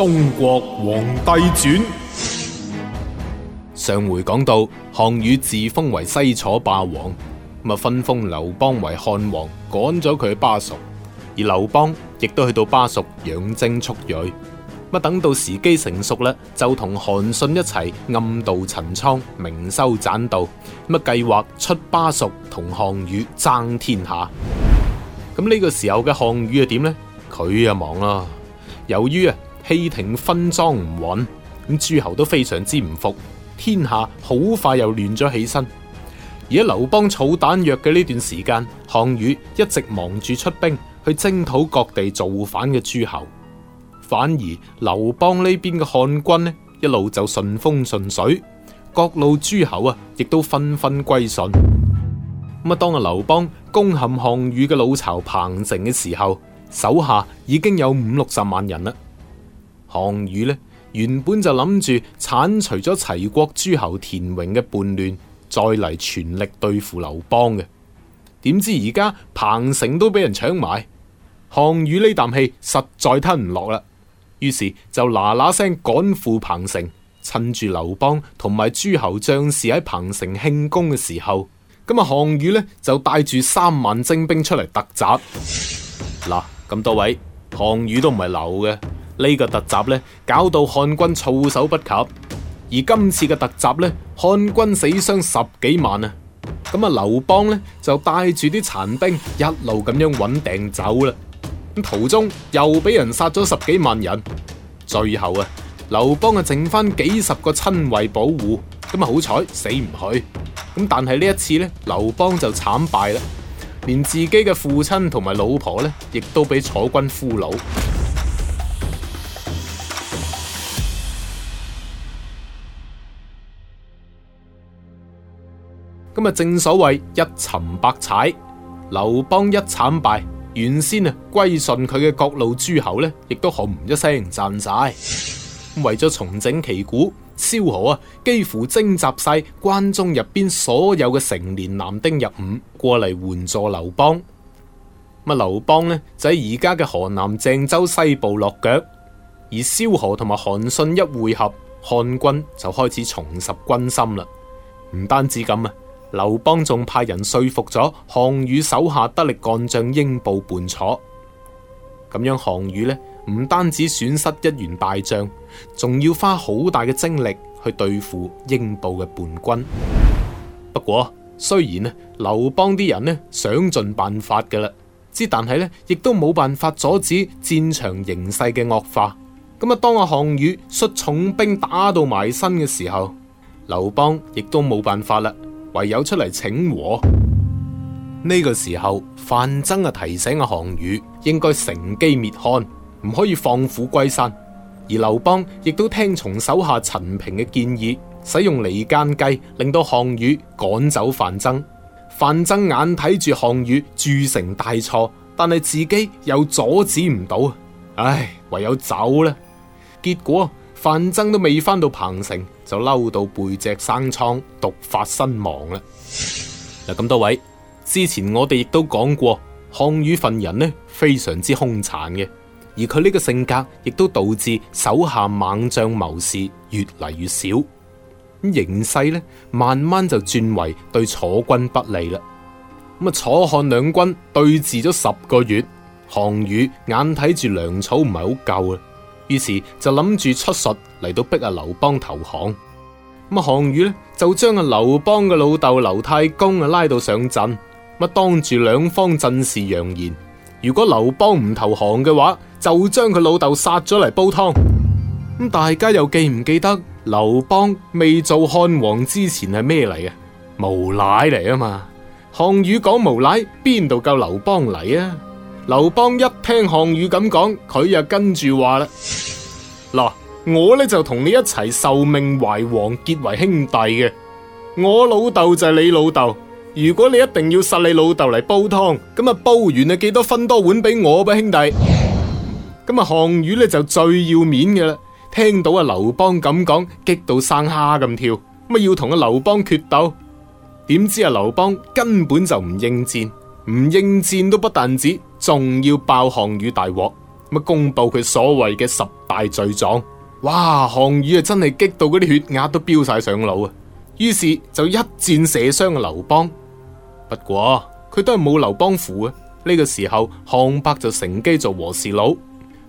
《中國皇帝傳》上回講到，項羽自封為西楚霸王，咁分封劉邦為漢王，趕咗佢去巴蜀，而劉邦亦都去到巴蜀養精蓄銳。咁等到時機成熟啦，就同韓信一齊暗度陳倉，明修棧道，乜計劃出巴蜀同項羽爭天下。咁呢個時候嘅項羽係點呢？佢啊忙啦，由於啊。氣亭分贓唔穩，咁諸侯都非常之唔服，天下好快又亂咗起身。而喺劉邦草彈藥嘅呢段時間，項羽一直忙住出兵去征討各地造反嘅諸侯，反而劉邦邊的漢呢邊嘅漢軍呢一路就順風順水，各路諸侯啊亦都紛紛歸順。咁啊，當阿劉邦攻陷項羽嘅老巢彭城嘅時候，手下已經有五六十萬人啦。項羽呢，原本就諗住鏟除咗齊國諸侯田榮嘅叛亂，再嚟全力對付劉邦嘅。點知而家彭城都俾人搶埋，項羽呢啖氣實在吞唔落啦。於是就嗱嗱聲趕赴彭城，趁住劉邦同埋諸侯將士喺彭城慶功嘅時候，咁啊項羽呢，就帶住三萬精兵出嚟突襲。嗱，咁多位，項羽都唔係流嘅。呢個突襲呢，搞到漢軍措手不及。而今次嘅突襲呢，漢軍死傷十幾萬啊！咁啊，劉邦呢，就帶住啲殘兵一路咁樣穩定走啦。咁途中又俾人殺咗十幾萬人，最後啊，劉邦啊剩翻幾十個親衛保護。咁啊，好彩死唔去。咁但係呢一次呢，劉邦就慘敗啦，連自己嘅父親同埋老婆呢，亦都俾楚軍俘虜。咁啊，正所謂一沉百踩，劉邦一慘敗，原先啊歸順佢嘅各路諸侯咧，亦都好唔一聲讚晒。為咗重整旗鼓，蕭何啊幾乎徵集晒關中入邊所有嘅成年男丁入伍，過嚟援助劉邦。咁啊，劉邦咧就喺而家嘅河南鄭州西部落腳，而蕭何同埋韓信一會合，漢軍就開始重拾軍心啦。唔單止咁啊！劉邦仲派人說服咗項羽手下得力幹將英布叛楚，咁樣項羽呢唔單止損失一員大將，仲要花好大嘅精力去對付英布嘅叛軍。不過雖然呢，劉邦啲人呢想盡辦法噶啦，之但係呢亦都冇辦法阻止戰場形勢嘅惡化。咁啊，當阿項羽率重兵打到埋身嘅時候，劉邦亦都冇辦法啦。唯有出嚟請和。呢個時候，范增啊提醒阿項羽應該乘機滅漢，唔可以放虎歸山。而劉邦亦都聽從手下陳平嘅建議，使用離間計，令到項羽趕走范增。范增眼睇住項羽鑄成大錯，但係自己又阻止唔到，唉，唯有走啦。結果，范增都未翻到彭城，就嬲到背脊生瘡，毒發身亡啦！嗱，咁多位之前我哋亦都講過，項羽份人呢，非常之凶殘嘅，而佢呢個性格亦都導致手下猛將謀士越嚟越少，咁形勢呢，慢慢就轉為對楚軍不利啦。咁啊，楚漢兩軍對峙咗十個月，項羽眼睇住糧草唔係好夠啊！於是就諗住出術嚟到逼阿劉邦投降。咁啊，項羽呢，就將阿劉邦嘅老豆劉太公啊拉到上陣，乜當住兩方陣勢揚言：如果劉邦唔投降嘅話，就將佢老豆殺咗嚟煲湯。咁大家又記唔記得劉邦未做漢王之前係咩嚟嘅？無賴嚟啊嘛！項羽講無賴，邊度夠劉邦嚟啊？劉邦一聽項羽咁講，佢又跟住話啦。嗱，我咧就同你一齊受命懷王，結為兄弟嘅。我老豆就係你老豆，如果你一定要殺你老豆嚟煲湯，咁啊煲完啊，記得分多碗俾我，噃兄弟？咁啊項羽呢就最要面嘅啦，聽到阿劉邦咁講，激到生蝦咁跳，咁啊要同阿劉邦決鬥。點知阿劉邦根本就唔應戰，唔應戰都不但止，仲要爆項羽大鑊。乜公布佢所謂嘅十大罪狀？哇！項羽啊，真係激到嗰啲血壓都飆晒上腦啊！於是就一箭射傷阿劉邦。不過佢都係冇劉邦符啊。呢個時候，項伯就乘機做和事佬。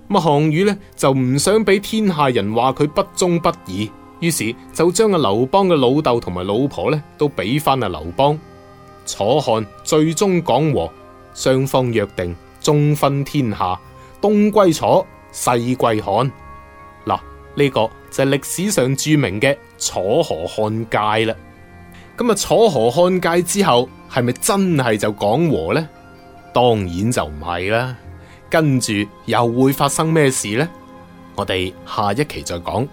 咁啊，項羽呢就唔想俾天下人話佢不忠不義，於是就將阿劉邦嘅老豆同埋老婆呢都俾翻阿劉邦。楚漢最終講和，雙方約定中分天下。東歸楚，西歸漢，嗱，呢個就係歷史上著名嘅楚河漢界啦。咁啊，楚河漢界之後係咪真係就講和呢？當然就唔係啦。跟住又會發生咩事呢？我哋下一期再講。